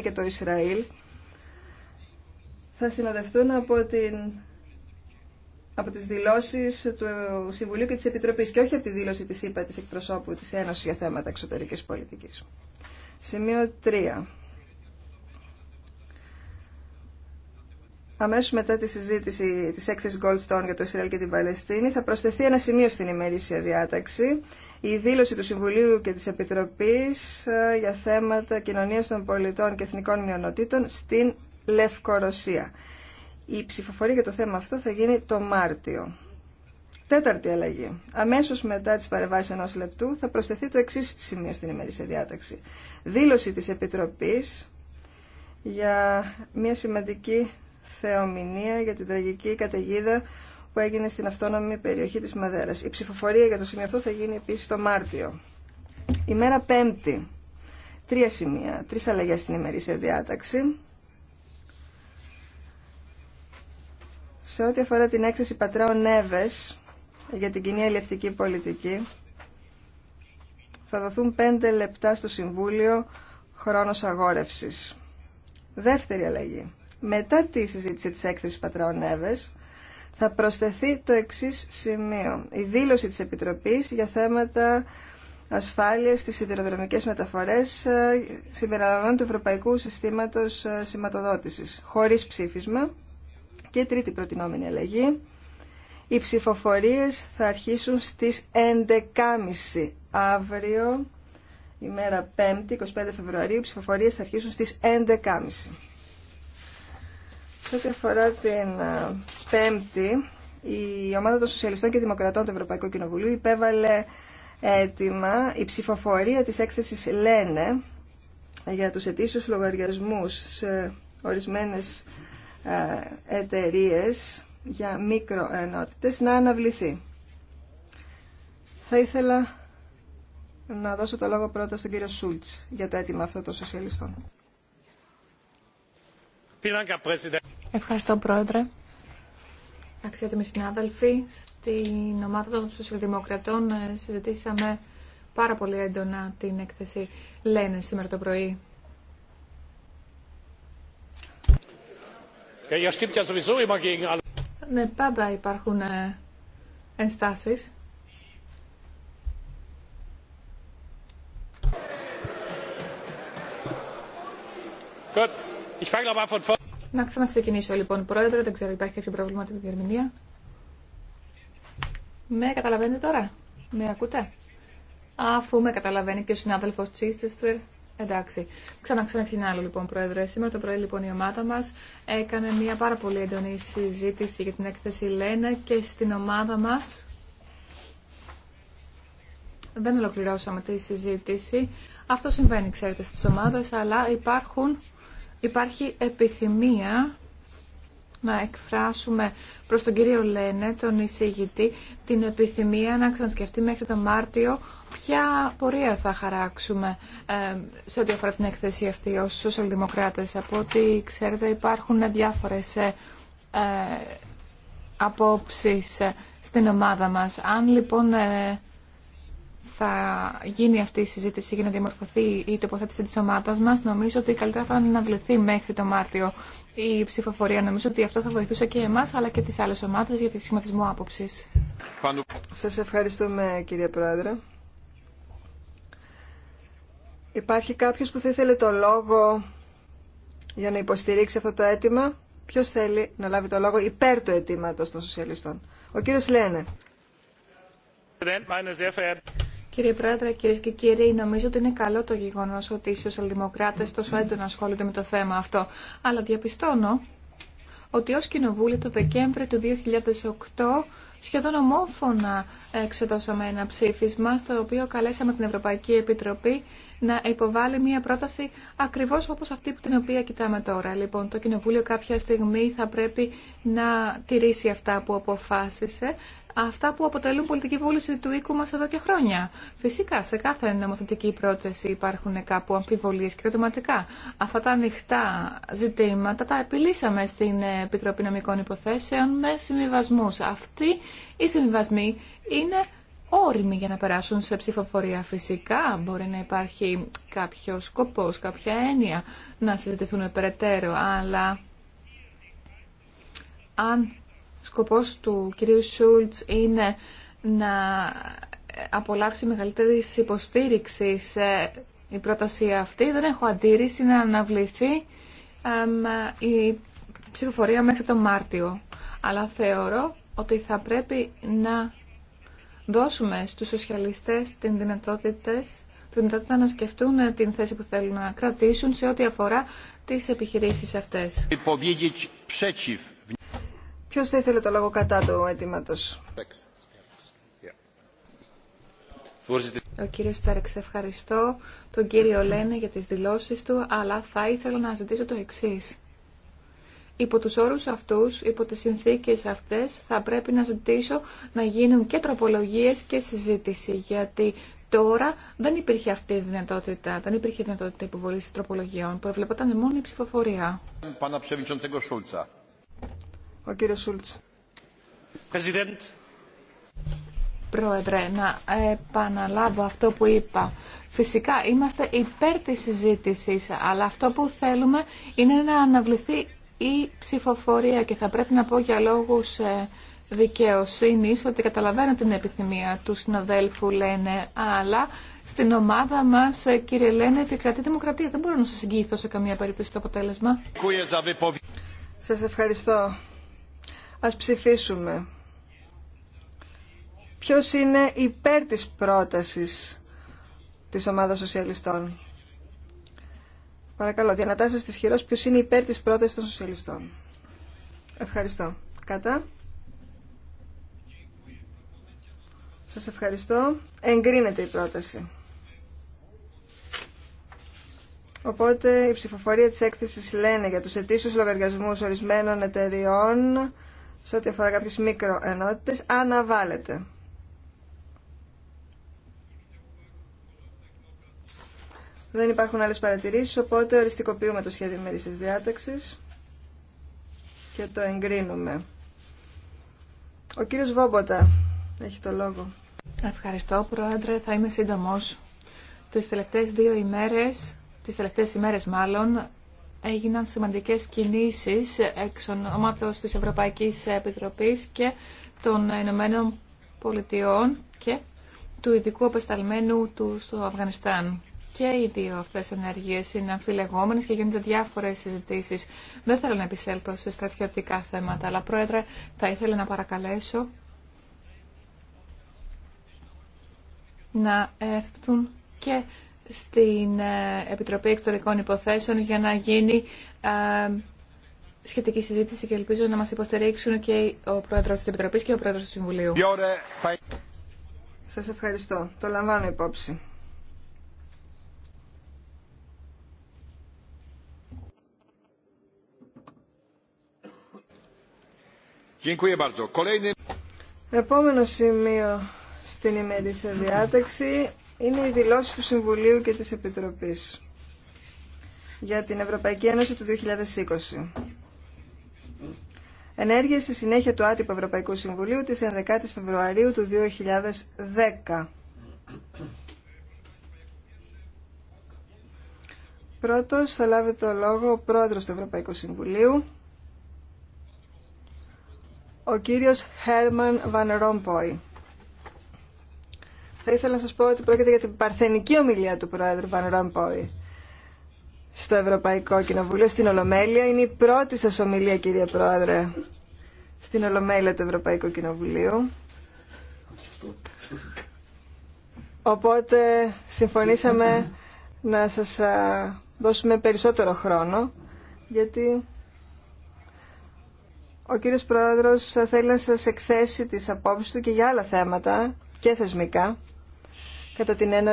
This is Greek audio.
και το Ισραήλ θα συνοδευτούν από, την, από τις δηλώσεις του Συμβουλίου και της Επιτροπής και όχι από τη δήλωση της ΥΠΑ της εκπροσώπου της Ένωσης για θέματα εξωτερικής πολιτικής. Σημείο 3. αμέσως μετά τη συζήτηση της έκθεσης Goldstone για το Ισραήλ και την Παλαιστίνη θα προσθεθεί ένα σημείο στην ημερήσια διάταξη, η δήλωση του Συμβουλίου και της Επιτροπής ε, για θέματα κοινωνίας των πολιτών και εθνικών μειονοτήτων στην Λευκορωσία. Η ψηφοφορία για το θέμα αυτό θα γίνει το Μάρτιο. Τέταρτη αλλαγή. Αμέσω μετά τι παρεμβάσει ενό λεπτού θα προσθεθεί το εξή σημείο στην ημερήσια διάταξη. Δήλωση τη Επιτροπή για μια σημαντική θεομηνία για την τραγική καταιγίδα που έγινε στην αυτόνομη περιοχή της Μαδέρας. Η ψηφοφορία για το σημείο αυτό θα γίνει επίσης το Μάρτιο. Ημέρα Πέμπτη. Τρία σημεία, τρεις αλλαγές στην ημερήσια διάταξη. Σε ό,τι αφορά την έκθεση Πατράων Νέβες για την κοινή ελευτική πολιτική, θα δοθούν πέντε λεπτά στο Συμβούλιο χρόνος αγόρευσης. Δεύτερη αλλαγή μετά τη συζήτηση της έκθεσης Πατράων θα προσθεθεί το εξής σημείο. Η δήλωση της Επιτροπής για θέματα ασφάλειας στις σιδηροδρομικές μεταφορές ε, συμπεριλαμβάνουν του Ευρωπαϊκού Συστήματος ε, Σηματοδότησης, χωρίς ψήφισμα και τρίτη προτινόμενη αλλαγή. Οι ψηφοφορίες θα αρχίσουν στις 11.30 αύριο, ημέρα 5η, 25 Φεβρουαρίου. Οι ψηφοφορίες θα αρχίσουν στις 11.30. Σε ό,τι αφορά την ε, Πέμπτη, η ομάδα των Σοσιαλιστών και Δημοκρατών του Ευρωπαϊκού Κοινοβουλίου υπέβαλε έτοιμα η ψηφοφορία της έκθεσης Λένε για τους ετήσιους λογαριασμούς σε ορισμένες ε, εταιρείε για μικροενότητες να αναβληθεί. Θα ήθελα να δώσω το λόγο πρώτα στον κύριο Σούλτς για το αίτημα αυτό των σοσιαλιστών. Ευχαριστώ, Πρόεδρε. Αξιότιμοι συνάδελφοι, στην ομάδα των Σοσιαλδημοκρατών ε, συζητήσαμε πάρα πολύ έντονα την έκθεση Λένε σήμερα το πρωί. Ναι, πάντα υπάρχουν ε, ενστάσεις. Gut. Ich fange nochmal von vorne. Να ξαναξεκινήσω λοιπόν, Πρόεδρε. Δεν ξέρω, υπάρχει κάποιο πρόβλημα με την διερμηνία. Με καταλαβαίνετε τώρα. Με ακούτε. Αφού με καταλαβαίνει και ο συνάδελφο Τσίστερ, Εντάξει. άλλο, λοιπόν, Πρόεδρε. Σήμερα το πρωί λοιπόν η ομάδα μα έκανε μια πάρα πολύ έντονη συζήτηση για την έκθεση Λένα και στην ομάδα μα. Δεν ολοκληρώσαμε τη συζήτηση. Αυτό συμβαίνει, ξέρετε, στις ομάδες, αλλά υπάρχουν υπάρχει επιθυμία να εκφράσουμε προς τον κύριο Λένε, τον εισηγητή, την επιθυμία να ξανασκεφτεί μέχρι τον Μάρτιο ποια πορεία θα χαράξουμε ε, σε ό,τι αφορά την εκθέση αυτή ως σοσιαλδημοκράτες. Από ό,τι ξέρετε υπάρχουν διάφορες ε, ε, απόψεις στην ομάδα μας. Αν λοιπόν θα γίνει αυτή η συζήτηση για να διαμορφωθεί η τοποθέτηση της ομάδας μας, νομίζω ότι καλύτερα θα βλεθεί μέχρι το Μάρτιο η ψηφοφορία. Νομίζω ότι αυτό θα βοηθούσε και εμάς αλλά και τις άλλες ομάδες για τη σχηματισμό άποψης. Σας ευχαριστούμε κύριε Πρόεδρε. Υπάρχει κάποιος που θα ήθελε το λόγο για να υποστηρίξει αυτό το αίτημα. Ποιος θέλει να λάβει το λόγο υπέρ του αιτήματος των σοσιαλιστών. Ο κύριος Λένε. Κύριε Πρόεδρε, κυρίε και κύριοι, νομίζω ότι είναι καλό το γεγονό ότι οι σοσιαλδημοκράτε τόσο έντονα ασχολούνται με το θέμα αυτό. Αλλά διαπιστώνω ότι ω Κοινοβούλιο το Δεκέμβρη του 2008 σχεδόν ομόφωνα εξεδώσαμε ένα ψήφισμα στο οποίο καλέσαμε την Ευρωπαϊκή Επιτροπή να υποβάλει μια πρόταση ακριβώ όπω αυτή που την οποία κοιτάμε τώρα. Λοιπόν, το Κοινοβούλιο κάποια στιγμή θα πρέπει να τηρήσει αυτά που αποφάσισε αυτά που αποτελούν πολιτική βούληση του οίκου μα εδώ και χρόνια. Φυσικά, σε κάθε νομοθετική πρόταση υπάρχουν κάπου αμφιβολίες και ερωτηματικά. Αυτά τα ανοιχτά ζητήματα τα επιλύσαμε στην Επιτροπή Νομικών Υποθέσεων με συμβιβασμού. Αυτοί οι συμβιβασμοί είναι όριμοι για να περάσουν σε ψηφοφορία. Φυσικά μπορεί να υπάρχει κάποιο σκοπό, κάποια έννοια να συζητηθούν περαιτέρω, αλλά αν σκοπός του κυρίου Σούλτς είναι να απολαύσει μεγαλύτερη υποστήριξη σε η πρόταση αυτή. Δεν έχω αντίρρηση να αναβληθεί η ψηφοφορία μέχρι τον Μάρτιο. Αλλά θεωρώ ότι θα πρέπει να δώσουμε στους σοσιαλιστές την δυνατότητα, τη δυνατότητα να σκεφτούν την θέση που θέλουν να κρατήσουν σε ό,τι αφορά τις επιχειρήσεις αυτές. Ποιος θα ήθελε το λόγο κατά του αιτήματος. Ο κύριος Στέρεξ, ευχαριστώ τον κύριο Λένε για τις δηλώσεις του, αλλά θα ήθελα να ζητήσω το εξής. Υπό τους όρους αυτούς, υπό τις συνθήκες αυτές, θα πρέπει να ζητήσω να γίνουν και τροπολογίες και συζήτηση, γιατί τώρα δεν υπήρχε αυτή η δυνατότητα, δεν υπήρχε δυνατότητα υποβολής τροπολογιών, προβλεπόταν μόνο η ψηφοφορία. Ο Πρόεδρε, να επαναλάβω αυτό που είπα. Φυσικά είμαστε υπέρ της συζήτησης, αλλά αυτό που θέλουμε είναι να αναβληθεί η ψηφοφορία και θα πρέπει να πω για λόγους ε, δικαιοσύνης ότι καταλαβαίνω την επιθυμία του συναδέλφου λένε, αλλά στην ομάδα μας ε, κύριε Λένε επικρατεί δημοκρατία. Δεν μπορώ να σας εγγυηθώ σε καμία περίπτωση το αποτέλεσμα. Σας ευχαριστώ. Ας ψηφίσουμε. Ποιος είναι υπέρ της πρότασης της ομάδας σοσιαλιστών. Παρακαλώ, διανατάσσεω της χειρός ποιος είναι υπέρ της πρόταση των σοσιαλιστών. Ευχαριστώ. Κατά. Σας ευχαριστώ. Εγκρίνεται η πρόταση. Οπότε η ψηφοφορία της έκθεσης λένε για τους ετήσιους λογαριασμούς ορισμένων εταιριών σε ό,τι αφορά κάποιες μικροενότητες αναβάλλεται. Δεν υπάρχουν άλλες παρατηρήσεις, οπότε οριστικοποιούμε το σχέδιο μερίσης διάταξης και το εγκρίνουμε. Ο κύριος Βόμποτα έχει το λόγο. Ευχαριστώ, Πρόεδρε. Θα είμαι σύντομος. Τις τελευταίες δύο ημέρες, τις τελευταίες ημέρες μάλλον, έγιναν σημαντικές κινήσεις εξ ονόματος της Ευρωπαϊκής Επιτροπής και των Ηνωμένων Πολιτειών και του ειδικού απεσταλμένου του στο Αφγανιστάν. Και οι δύο αυτές ενεργείες είναι αμφιλεγόμενες και γίνονται διάφορες συζητήσεις. Δεν θέλω να επισέλθω σε στρατιωτικά θέματα, αλλά Πρόεδρε θα ήθελα να παρακαλέσω να έρθουν και στην ε, Επιτροπή Εξωτερικών Υποθέσεων για να γίνει ε, σχετική συζήτηση και ελπίζω να μας υποστηρίξουν και ο Πρόεδρος της Επιτροπής και ο Πρόεδρος του Συμβουλίου. Σας ευχαριστώ. Το λαμβάνω υπόψη. Επόμενο σημείο στην ημερήσια διάταξη είναι οι δηλώσεις του Συμβουλίου και της Επιτροπής για την Ευρωπαϊκή Ένωση του 2020. Ενέργεια στη συνέχεια του άτυπου Ευρωπαϊκού Συμβουλίου της 11ης Φεβρουαρίου του 2010. Πρώτος θα λάβει το λόγο ο πρόεδρος του Ευρωπαϊκού Συμβουλίου, ο κύριος Χέρμαν Van Rompuy. Θα ήθελα να σας πω ότι πρόκειται για την παρθενική ομιλία του Πρόεδρου Βαν Ρομπόη στο Ευρωπαϊκό Κοινοβούλιο, στην Ολομέλεια. Είναι η πρώτη σας ομιλία, κύριε Πρόεδρε, στην Ολομέλεια του Ευρωπαϊκού Κοινοβουλίου. Οπότε συμφωνήσαμε να σας δώσουμε περισσότερο χρόνο, γιατί ο κύριος Πρόεδρος θέλει να σας εκθέσει τις απόψεις του και για άλλα θέματα και θεσμικά κατά την